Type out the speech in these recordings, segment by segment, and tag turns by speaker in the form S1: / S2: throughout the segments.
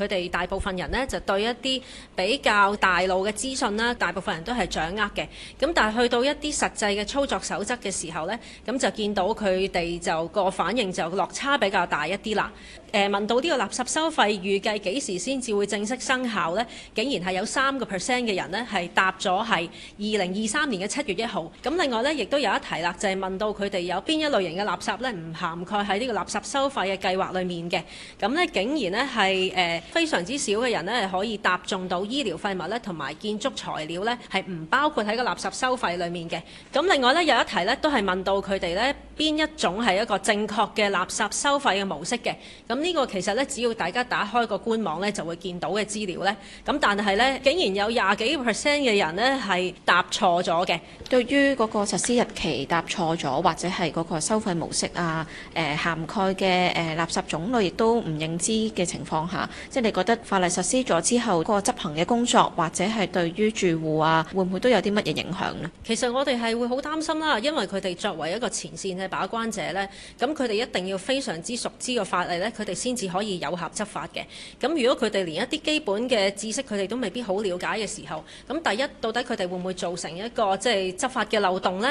S1: 佢哋大部分人呢，就對一啲比較大路嘅資訊啦，大部分人都係掌握嘅。咁但係去到一啲實際嘅操作守則嘅時候呢，咁就見到佢哋就個反應就落差比較大一啲啦。誒、呃、問到呢個垃圾收費預計幾時先至會正式生效呢？竟然係有三個 percent 嘅人呢係答咗係二零二三年嘅七月一號。咁另外呢，亦都有一題啦，就係、是、問到佢哋有邊一類型嘅垃圾呢唔涵蓋喺呢個垃圾收費嘅計劃裏面嘅。咁呢，竟然呢係、呃、非常之少嘅人呢係可以搭中到醫療廢物呢同埋建築材料呢係唔包括喺個垃圾收費裡面嘅。咁另外呢，有一題呢都係問到佢哋呢。邊一種係一個正確嘅垃圾收費嘅模式嘅？咁呢個其實呢，只要大家打開個官網呢，就會見到嘅資料呢。咁但係呢，竟然有廿幾 percent 嘅人呢，係答錯咗嘅。
S2: 對於嗰個實施日期答錯咗，或者係嗰個收費模式啊，誒、呃、涵蓋嘅誒、呃、垃圾種類亦都唔認知嘅情況下，即、就、係、是、你覺得法例實施咗之後，個執行嘅工作或者係對於住戶啊，會唔會都有啲乜嘢影響呢？
S1: 其實我哋係會好擔心啦，因為佢哋作為一個前線咧。把關者呢，咁佢哋一定要非常之熟知個法例呢，佢哋先至可以有效執法嘅。咁如果佢哋連一啲基本嘅知識，佢哋都未必好了解嘅時候，咁第一，到底佢哋會唔會造成一個即係執法嘅漏洞呢？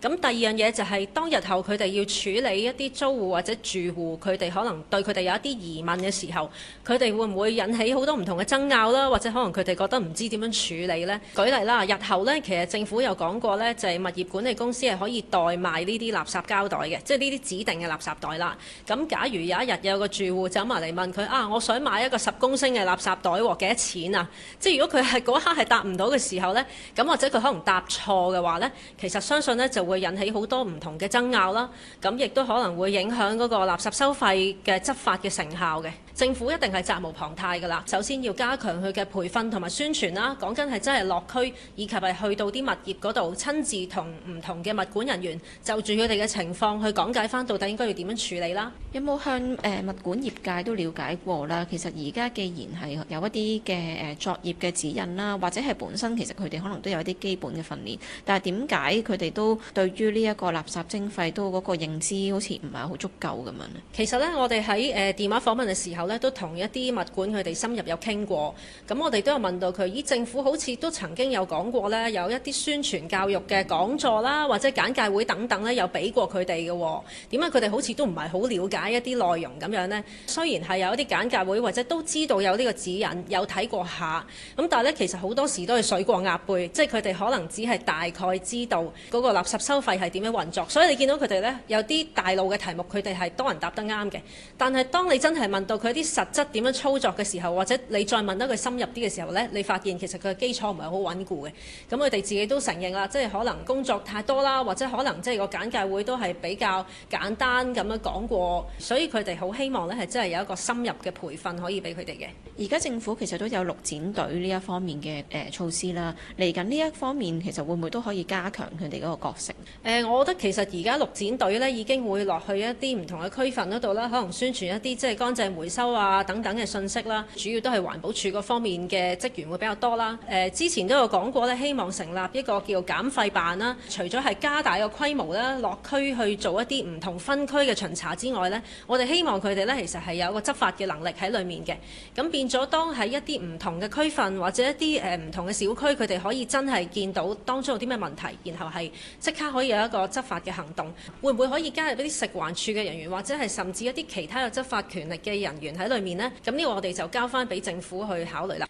S1: 咁第二樣嘢就係當日後佢哋要處理一啲租戶或者住戶，佢哋可能對佢哋有一啲疑問嘅時候，佢哋會唔會引起好多唔同嘅爭拗啦？或者可能佢哋覺得唔知點樣處理呢？舉例啦，日後呢，其實政府有講過呢，就係物業管理公司係可以代賣呢啲垃圾膠膠袋嘅，即係呢啲指定嘅垃圾袋啦。咁假如有一日有個住戶走埋嚟問佢啊，我想買一個十公升嘅垃圾袋喎，幾多錢啊？即係如果佢係嗰刻係答唔到嘅時候呢，咁或者佢可能答錯嘅話呢，其實相信呢就會引起好多唔同嘅爭拗啦。咁亦都可能會影響嗰個垃圾收費嘅執法嘅成效嘅。政府一定係責無旁貸㗎啦。首先要加強佢嘅培訓同埋宣傳啦。講緊係真係落區，以及係去到啲物業嗰度，親自同唔同嘅物管人員就住佢哋嘅情況去講解翻到底應該要點樣處理啦？
S2: 有冇向誒物管業界都了解過啦？其實而家既然係有一啲嘅誒作業嘅指引啦，或者係本身其實佢哋可能都有一啲基本嘅訓練，但係點解佢哋都對於呢一個垃圾徵費都嗰個認知好似唔係好足夠咁樣呢？
S1: 其實呢，我哋喺誒電話訪問嘅時候呢，都同一啲物管佢哋深入有傾過。咁我哋都有問到佢，咦，政府好似都曾經有講過咧，有一啲宣傳教育嘅講座啦，或者簡介會等等呢，有俾過。佢哋嘅，點解佢哋好似都唔係好了解一啲內容咁樣咧？雖然係有一啲簡介會，或者都知道有呢個指引，有睇過下咁，但係咧其實好多時都係水過鴨背，即係佢哋可能只係大概知道嗰個垃圾收費係點樣運作。所以你見到佢哋咧有啲大路嘅題目，佢哋係多人答得啱嘅。但係當你真係問到佢啲實質點樣操作嘅時候，或者你再問得佢深入啲嘅時候咧，你發現其實佢嘅基礎唔係好穩固嘅。咁佢哋自己都承認啦，即係可能工作太多啦，或者可能即係個簡介會都。係比較簡單咁樣講過，所以佢哋好希望咧係真係有一個深入嘅培訓可以俾佢哋嘅。
S2: 而家政府其實都有綠展隊呢一方面嘅誒措施啦，嚟緊呢一方面其
S1: 實會唔會都可以加強佢哋嗰個角色？誒、呃，我覺得其實而家綠展隊咧已經會落去一啲唔同嘅區份嗰度啦，可能宣傳一啲即係乾淨回收啊等等嘅信息啦。主要都係環保署嗰方面嘅職員會比較多啦、呃。誒，之前都有講過咧，希望成立一個叫減廢辦啦、啊，除咗係加大個規模啦、啊，落區。去做一啲唔同分區嘅巡查之外呢，我哋希望佢哋呢，其實係有一個執法嘅能力喺裏面嘅。咁變咗，當喺一啲唔同嘅區份或者一啲誒唔同嘅小區，佢哋可以真係見到當中有啲咩問題，然後係即刻可以有一個執法嘅行動，會唔會可以加入一啲食環署嘅人員或者係甚至一啲其他有執法權力嘅人員喺裏面呢？咁呢個我哋就交翻俾政府去考慮啦。